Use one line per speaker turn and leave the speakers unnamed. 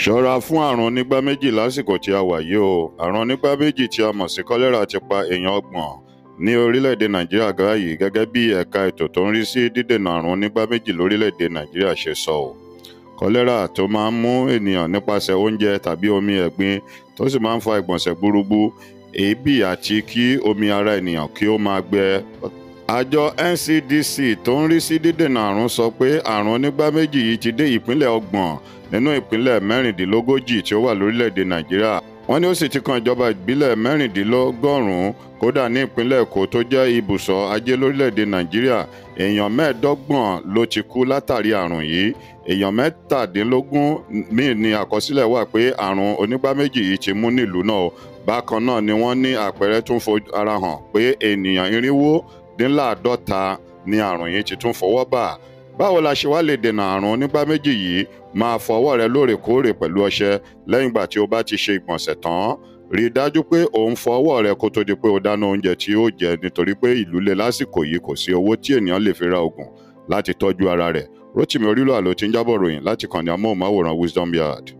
ṣọ́ra fún àrùn onígbá méjì lásìkò tí a wà yìí o àrùn onígbá méjì tí a mọ̀ sí kọ́lẹ́rà ti pa èèyàn ọgbọ̀n ní orílẹ̀-èdè nàìjíríà báyìí gẹ́gẹ́ bí ẹ̀ka ètò tó ń rí sí dídènà àrùn onígbá méjì lórílẹ̀-èdè nàìjíríà ṣe sọ o kọ́lẹ́rà tó máa ń mú ènìyàn nípasẹ̀ oúnjẹ tàbí omi ẹ̀gbin tó sì máa ń fa ìgbọ̀nsẹ̀ gbúrúgbú èébì àti kí omi ara ènìyàn kí ó máa gbẹ àjọ NCDC tó ń rí sí dídènà àrùn sọ pé àrùn onígbá méjì yìí ti dé ìpínlẹ̀ ọgbọ̀n nínú ìpínlẹ̀ mẹ́rìndínlógójì tí ó wà lórílẹ̀‐èdè nàìjíríà wọ́n ní ó sì ti kan ìjọba ìbílẹ̀ mẹ́rìndínlọ́gọ́rùn-ún kódà ní ìpínlẹ̀ èkó tó jẹ́ ibùsọ̀ ajé lórílẹ̀‐èdè nàìjíríà èèyàn mẹ́ẹ̀ẹ́dọ́gbọ̀n ló ti kú látàrí àrùn yìí èèyàn mẹ́tàdínlógún míì ni àkọsílẹ̀ wà pé àrùn onígbá méjì yìí ti mú nílùú náà bákan náà ni wọ́n ní àpẹẹrẹ tó ń fo ara hàn pé ènìyàn irinwó mọ́kàndínláàádọ́ta ni àrùn yìí ti tún fọwọ́ bà báwo la ṣe wá lè dènà àrùn onígbá méjì yìí máa fọ ọwọ́ rẹ lóòrèkóòrè pẹ̀lú ọṣẹ lẹ́yìn ìgbà tí o bá ti ṣe ìgbọ̀nsẹ̀ tán rí i dájú pé o ń fọ ọwọ́ rẹ kó tó di pé o dáná oúnjẹ tí o jẹ nítorí pé ìlú le lásìkò yìí kò sí owó tí ènìyàn lè fi ra oògùn láti tọ́jú ara rẹ̀ Rotimi Orílọ̀ àlò tí ń jábọ̀ ròyìn láti kàn ní amóhùnmáwòrán Wisdom Yard.